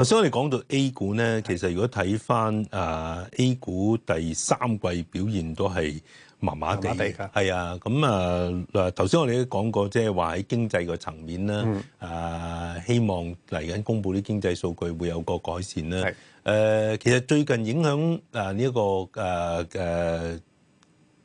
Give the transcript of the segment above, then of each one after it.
頭先我哋講到 A 股咧，其實如果睇翻啊 A 股第三季表現都係麻麻地，係啊，咁啊嗱，頭、呃、先我哋都講過，即係話喺經濟個層面啦，啊、呃、希望嚟緊公布啲經濟數據會有個改善啦。誒的、呃，其實最近影響誒呢、呃這個誒誒。呃呃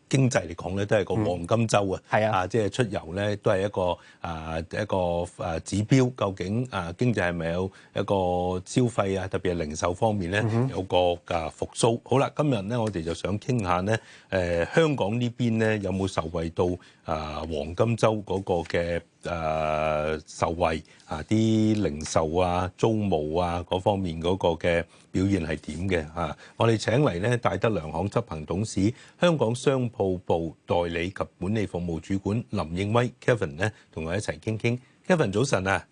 經濟嚟講咧，都係個黃金週啊！嗯、啊，即係出遊咧，都係一個啊、呃、一個啊指標。究竟啊、呃、經濟係咪有一個消費啊？特別係零售方面咧，嗯、有個啊復甦。好啦，今日咧我哋就想傾下咧，誒、呃、香港邊呢邊咧有冇受惠到啊、呃、黃金週嗰個嘅？誒受惠啊！啲零售啊、租務啊各方面嗰個嘅表現係點嘅嚇？我哋請嚟咧戴德梁行執行董事、香港商鋪部代理及管理服務主管林應威 Kevin 咧，同我一齊傾傾。Kevin 早晨啊！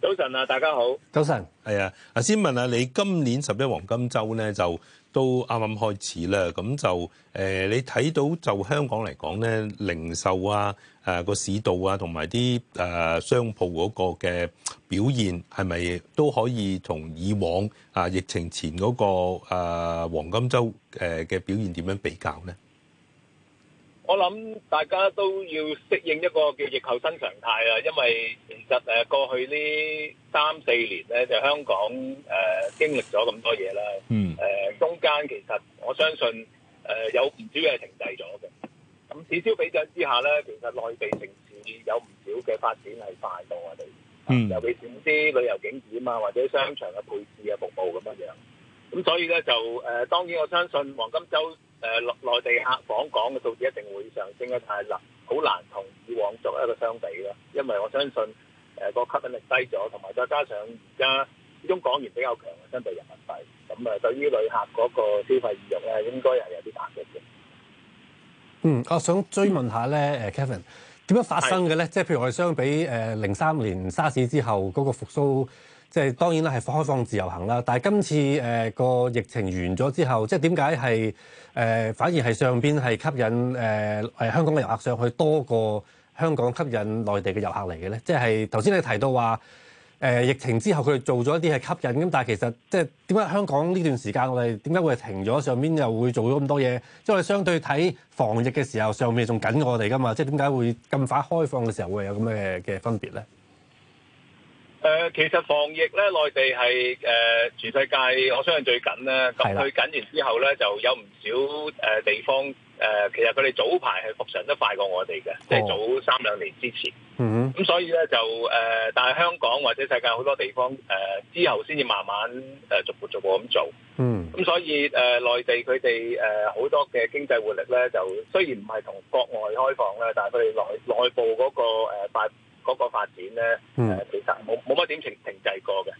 早晨啊！大家好。早晨。係啊！啊，先問下你，今年十一黃金週咧就都啱啱開始啦。咁就誒，你睇到就香港嚟講咧，零售啊～誒個市道啊，同埋啲誒商鋪嗰個嘅表現係咪都可以同以往啊疫情前嗰個誒黃金周誒嘅表現點樣比較呢？我諗大家都要適應一個叫疫後新常態啦，因為其實誒過去呢三四年咧，就香港誒經歷咗咁多嘢啦。嗯。誒中間其實我相信誒有唔少嘢係停滯咗嘅。咁此消彼長之下咧，其實內地城市有唔少嘅發展係快過我哋，嗯，尤其係啲旅遊景點啊，或者商場嘅、啊、配置啊、服務咁樣樣。咁所以咧就誒、呃，當然我相信黃金週誒內地客訪港嘅數字一定會上升嘅，但係啦，好難同以往作一個相比啦。因為我相信誒個吸引力低咗，同埋再加上而家始終港元比較強嘅相對人民幣，咁啊、呃、對於旅客嗰個消費意欲咧，應該係有啲打擊嘅。嗯，我想追問下咧，誒 Kevin 點樣發生嘅咧？即係的譬如我哋相比誒零三年沙士之後嗰、那個復甦，即係當然啦，係開放自由行啦。但係今次誒個、呃、疫情完咗之後，即係點解係誒反而係上邊係吸引誒誒、呃、香港嘅遊客上去多過香港吸引內地嘅遊客嚟嘅咧？即係頭先你提到話。誒、呃、疫情之後佢哋做咗一啲係吸引，咁但係其實即係點解香港呢段時間我哋點解會停咗，上面又會做咗咁多嘢？因為相對睇防疫嘅時候上面仲緊我哋㗎嘛，即係點解會咁快開放嘅時候會有咁嘅嘅分別咧？誒、呃、其實防疫咧，內地係誒、呃、全世界我相信最緊咧。咁佢緊完之後咧，就有唔少誒地方誒，其實佢哋早排係復常都快過我哋嘅，哦、即係早三兩年之前。嗯咁哼、嗯、所以咧就誒、呃，但係香港或者世界好多地方誒、呃，之後先至慢慢誒、呃，逐步逐步咁做。嗯。咁、嗯、所以誒，內、呃、地佢哋誒好多嘅經濟活力咧，就雖然唔係同國外國開放咧，但係佢哋內內部嗰、那個大。呃呃呃嗰個發展咧，誒、嗯、其實冇冇乜點停停滯過嘅，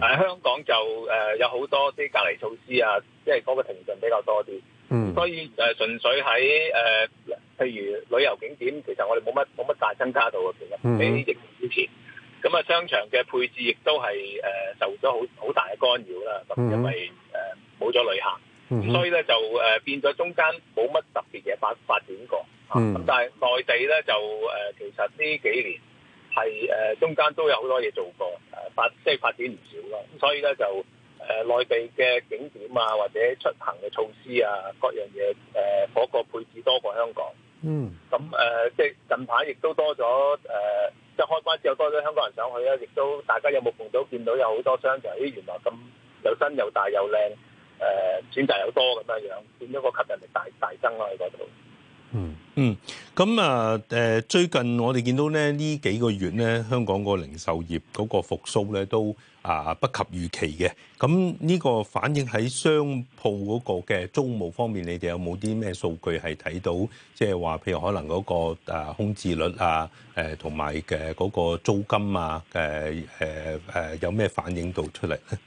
但、啊、係香港就誒、呃、有好多啲隔離措施啊，即係嗰個停頓比較多啲，嗯、所以誒、呃、純粹喺誒、呃、譬如旅遊景點，其實我哋冇乜冇乜大增加到嘅，其實喺疫情之前，咁、嗯、啊商場嘅配置亦都係誒受咗好好大嘅干擾啦，咁、啊、因為誒冇咗旅客，嗯、所以咧就誒變咗中間冇乜特別嘢發發展過，咁、啊啊、但係內地咧就誒其實呢幾年。係誒、呃、中間都有好多嘢做過，誒、呃、發即係發展唔少咯，咁所以咧就誒、呃、內地嘅景點啊，或者出行嘅措施啊，各樣嘢誒嗰個配置多過香港。嗯，咁誒即係近排亦都多咗誒，即係、呃、開關之後多咗香港人上去啦，亦都大家有目共睹，見到有好多商場，咦、哎、原來咁又新又大又靚，誒選擇又多咁啊樣，變咗個吸引力大大，大增咯喺嗰度。嗯，咁啊，誒最近我哋見到咧呢幾個月咧，香港個零售業嗰個復甦咧都啊不及預期嘅。咁呢個反映喺商鋪嗰個嘅租務方面，你哋有冇啲咩數據係睇到？即係話譬如可能嗰個誒空置率啊，誒同埋嘅嗰個租金啊，誒誒誒有咩反映到出嚟咧？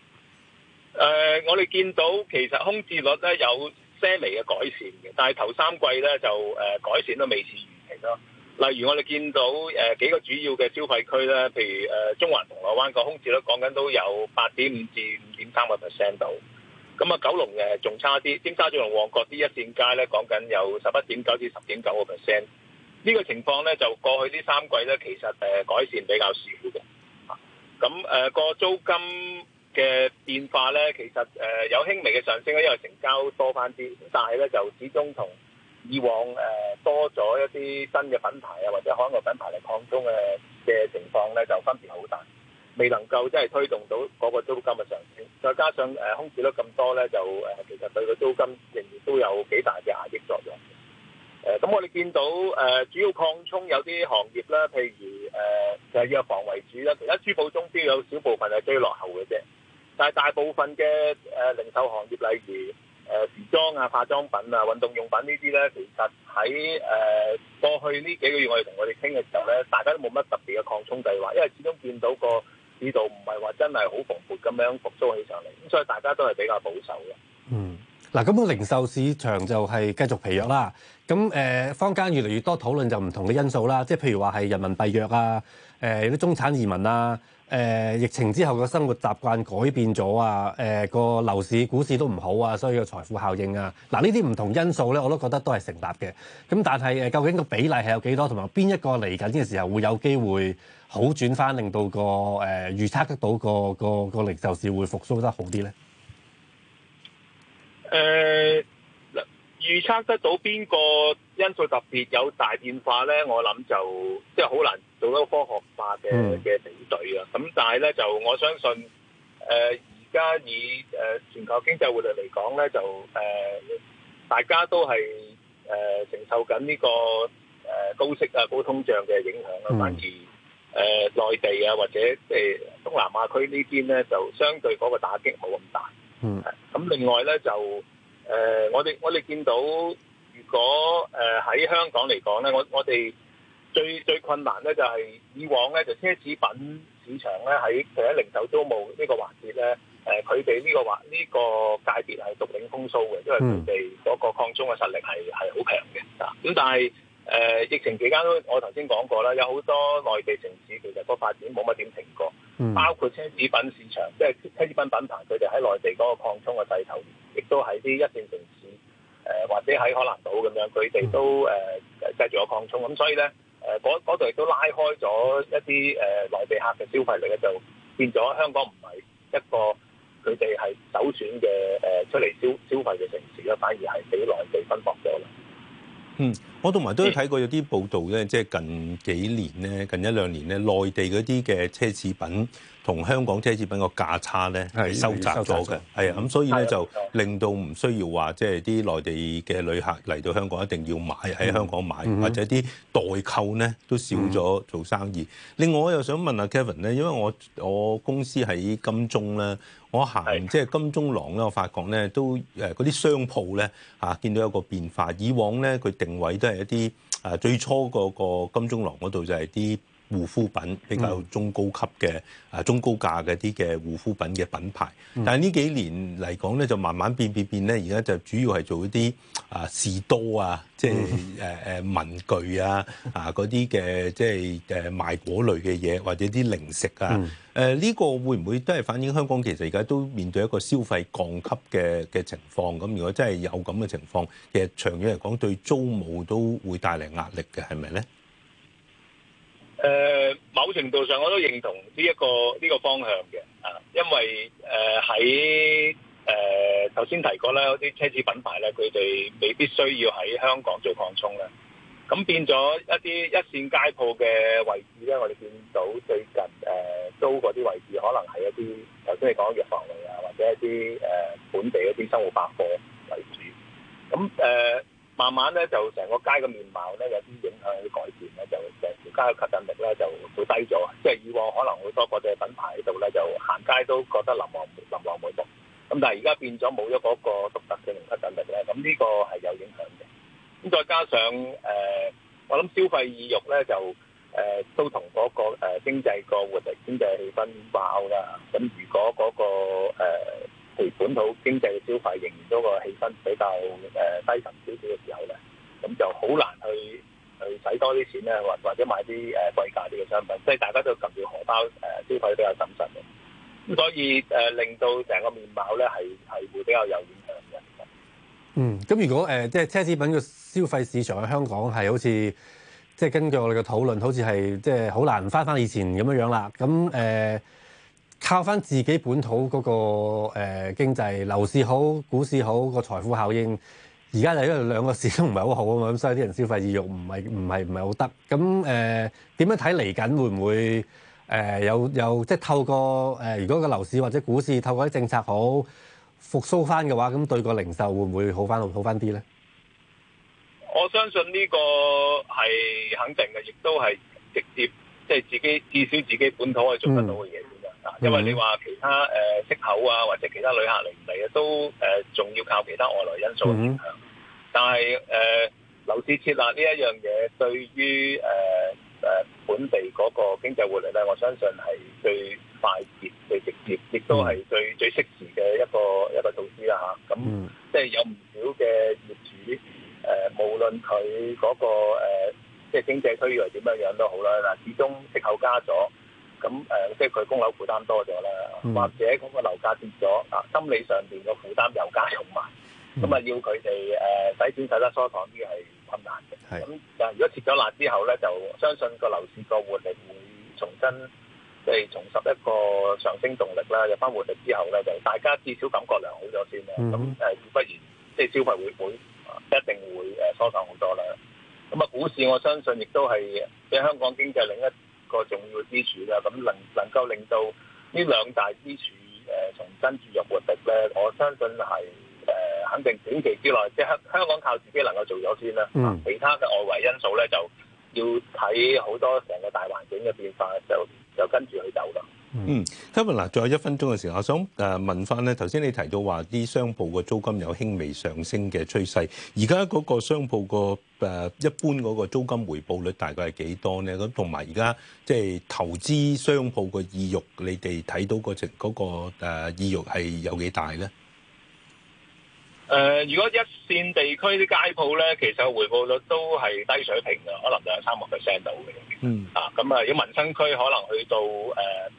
誒，我哋見到其實空置率咧有。些微嘅改善嘅，但係頭三季咧就誒、呃、改善都未至完結咯。例如我哋見到誒、呃、幾個主要嘅消費區咧，譬如誒、呃、中環、銅鑼灣個空置率講緊都有八點五至五點三個 percent 度。咁啊，嗯、九龍誒仲差啲，尖沙咀同旺角啲一線街咧講緊有十一點九至十點九個 percent。呢、這個情況咧就過去呢三季咧其實誒、呃、改善比較少嘅。咁誒個租金，嘅變化咧，其實誒、呃、有輕微嘅上升咧，因為成交多翻啲，但係咧就始終同以往誒、呃、多咗一啲新嘅品牌啊，或者香港嘅品牌嚟擴充嘅嘅情況咧，就分別好大，未能夠即係推動到嗰個租金嘅上升。再加上誒、呃、空置率咁多咧，就誒、呃、其實對個租金仍然都有幾大嘅壓抑作用。誒、呃、咁我哋見到誒、呃、主要擴充有啲行業啦，譬如誒、呃、就係、是、藥房為主啦，其他珠寶鐘錶有少部分係追落後嘅啫。但係大部分嘅誒零售行業，例如誒時裝啊、化妝品啊、運動用品呢啲咧，其實喺誒、呃、過去呢幾個月，我哋同我哋傾嘅時候咧，大家都冇乜特別嘅擴充計劃，因為始終見到個市道唔係話真係好蓬勃咁樣復甦起上嚟，咁所以大家都係比較保守嘅。嗯，嗱，咁個零售市場就係繼續疲弱啦。咁誒、嗯，坊間越嚟越多討論就唔同嘅因素啦，即係譬如話係人民幣弱啊。誒啲、呃、中產移民啊，誒、呃、疫情之後嘅生活習慣改變咗啊，誒、呃、個樓市股市都唔好啊，所以個財富效應啊，嗱呢啲唔同因素咧，我都覺得都係成立嘅。咁但係誒、呃，究竟個比例係有幾多，同埋邊一個嚟緊嘅時候會有機會好轉翻，令到個誒、呃、預測得到個個個零售市會復甦得好啲咧？誒、呃、預測得到邊個因素特別有大變化呢，我諗就，即係好難做到科學化嘅比對。咁但係呢，就，我相信，呃，而家以，呃，全球經濟匯率嚟講呢，就，呃，大家都係，呃，承受緊呢個，呃，高息，高通脹嘅影響。反而，呃，內地啊，或者，即係，東南亞區呢邊呢，就相對嗰個打擊冇咁大。嗯。Mm. 咁另外呢，就，呃，我哋我哋見到如果誒喺、呃、香港嚟講咧，我我哋最最困難咧就係以往咧就奢侈品市場咧喺其實零售都冇呢、呃這個環節咧。誒，佢哋呢個環呢個界別係獨領風騷嘅，因為佢哋嗰個擴充嘅實力係係好強嘅。啊，咁但係誒、呃、疫情期間都我頭先講過啦，有好多內地城市其實個發展冇乜點停過，嗯、包括奢侈品市場，即係奢侈品品牌佢哋喺內地嗰個擴充嘅勢頭，亦都喺啲一線城市。誒或者喺海南島咁樣，佢哋都誒繼續有擴充，咁所以咧誒嗰度亦都拉開咗一啲誒內地客嘅消費力咧，就變咗香港唔係一個佢哋係首選嘅誒、呃、出嚟消消費嘅城市啦，反而係俾內地分薄咗啦。嗯，我同埋都有睇過有啲報道咧，即係近幾年咧，近一兩年咧，內地嗰啲嘅奢侈品同香港奢侈品個價差咧係是收窄咗嘅，係啊，咁、嗯嗯、所以咧對就令到唔需要話即係啲內地嘅旅客嚟到香港一定要買喺、嗯、香港買，嗯、或者啲代購咧都少咗做生意。嗯、另外我又想問下 Kevin 咧，因為我我公司喺金鐘咧。我行即係金鐘廊咧，我發覺咧都誒嗰啲商鋪咧嚇見到有一個變化，以往咧佢定位都係一啲誒、啊、最初嗰個金鐘廊嗰度就係啲護膚品比較中高級嘅啊，中高價嘅啲嘅護膚品嘅品牌，嗯、但係呢幾年嚟講咧，就慢慢變變變咧，而家就主要係做一啲啊士多啊，即係誒誒文具啊啊嗰啲嘅即係誒賣果類嘅嘢，或者啲零食啊，誒呢、嗯啊呢個會唔會都係反映香港其實而家都面對一個消費降級嘅嘅情況？咁如果真係有咁嘅情況，其實長遠嚟講對租務都會帶嚟壓力嘅，係咪咧？誒、呃，某程度上我都認同呢、這、一個呢、這個方向嘅啊，因為誒喺誒頭先提過啦，啲奢侈品牌咧，佢哋未必需要喺香港做擴充啦。咁、啊、變咗一啲一綫街鋪嘅位置咧，我哋見到最近誒、呃、租嗰啲位置，可能係一啲頭先你講嘅藥房嚟啊，或者一啲誒、呃、本地一啲生活百貨為主。咁、啊、誒。呃慢慢咧就成個街嘅面貌咧有啲影響嘅改變咧，就成條街嘅吸引力咧就會低咗。即係以往可能會多國際品牌喺度咧，就行街都覺得琳琅琳琅滿目。咁但係而家變咗冇咗嗰個獨特嘅吸引力咧，咁呢個係有影響嘅。咁再加上誒、呃，我諗消費意欲咧就誒、呃、都同嗰、那個誒經濟個活力、經濟氣氛掛鈎啦。咁如果嗰、那個、呃其本土經濟嘅消費仍然嗰個氣氛比較誒、呃、低沉少少嘅時候咧，咁、嗯、就好難去去使多啲錢咧，或或者買啲誒貴價啲嘅商品，即係大家都揼住荷包誒、呃、消費比較審慎嘅，咁所以誒、呃、令到成個面貌咧係係會比較有影響嘅、嗯。嗯，咁如果誒、呃、即係奢侈品嘅消費市場喺香港係好似即係根據我哋嘅討論，好似係即係好難返返以前咁樣樣啦，咁誒。呃呃靠翻自己本土嗰、嗰個誒、呃、經濟，樓市好、股市好個財富效應，而家就因為兩個市都唔係好好啊嘛，咁所以啲人消費意欲唔係唔係唔係好得。咁誒點樣睇嚟緊會唔會誒、呃、有有即係透過誒、呃、如果個樓市或者股市透過啲政策好復甦翻嘅話，咁對嗰個零售會唔會好翻好好翻啲咧？我相信呢個係肯定嘅，亦都係直接即係、即係、自己至少自己本土可以做得到嘅嘢、嗯。因為你話其他誒、呃、息口啊，或者其他旅客嚟唔嚟啊，都誒仲、呃、要靠其他外來因素影響。 但係誒樓市設立呢一樣嘢，對於誒誒、呃呃、本地嗰個經濟活力咧，我相信係最快捷、最直接， 亦都係最最適時嘅一個一個,一個措施啦、啊、嚇。咁 即係有唔少嘅業主誒、呃，無論佢嗰、那個、呃、即係經濟區域點樣樣都好啦。嗱，始終息口加咗。咁誒，即係佢供樓負擔多咗啦，或者嗰個樓價跌咗，啊心理上邊個負擔又加重埋，咁啊要佢哋誒使錢使得疏爽啲係困難嘅。咁但係如果跌咗辣之後咧，就相信個樓市個活力會重新即係重拾一個上升動力啦，有翻活力之後咧，就大家至少感覺良好咗先咧。咁誒，不然即係消費會會一定會誒疏爽好多啦。咁啊，股市我相信亦都係俾香港經濟另一個重要支柱啦，咁能能夠令到呢兩大支柱誒重新注入活力咧，我相信係誒、呃、肯定短期之內，即係香港靠自己能夠做咗先啦。其他嘅外圍因素咧，就要睇好多成個大環境嘅變化，就就跟住去走啦。嗯，今日嗱，仲、hmm. 有一分鐘嘅時候，我想誒、呃、問翻咧，頭先你提到話啲商鋪嘅租金有輕微上升嘅趨勢，而家嗰個商鋪個誒一般嗰個租金回報率大概係幾多咧？咁同埋而家即係投資商鋪個意欲，你哋睇到嗰情，嗰個意欲係有幾大咧？誒、呃，如果一線地區啲街鋪咧，其實回報率都係低水平嘅，可能就係三個 percent 度嘅。嗯。啊，咁啊，如果民生區可能去到誒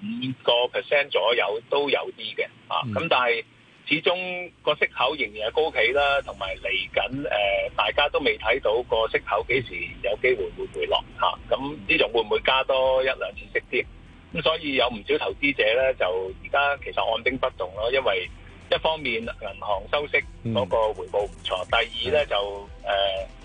五個 percent 左右都有啲嘅。啊，咁但係始終個息口仍然係高企啦，同埋嚟緊誒，大家都未睇到個息口幾時有機會會回落嚇。咁呢種會唔會加多一兩次息啲？咁、啊、所以有唔少投資者咧，就而家其實按兵不動咯，因為。一方面銀行收息嗰個回報唔錯，嗯、第二咧就誒、呃、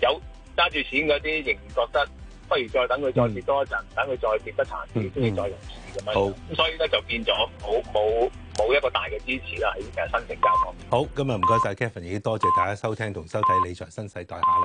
有揸住錢嗰啲仍然覺得不如再等佢再跌多一陣，嗯、等佢再跌得慘啲先至再入市咁樣。好咁，所以咧就變咗冇冇冇一個大嘅支持啦喺誒新成交方面。好，今日唔該晒。Kevin，亦多謝大家收聽同收睇《理財新世代》下咧。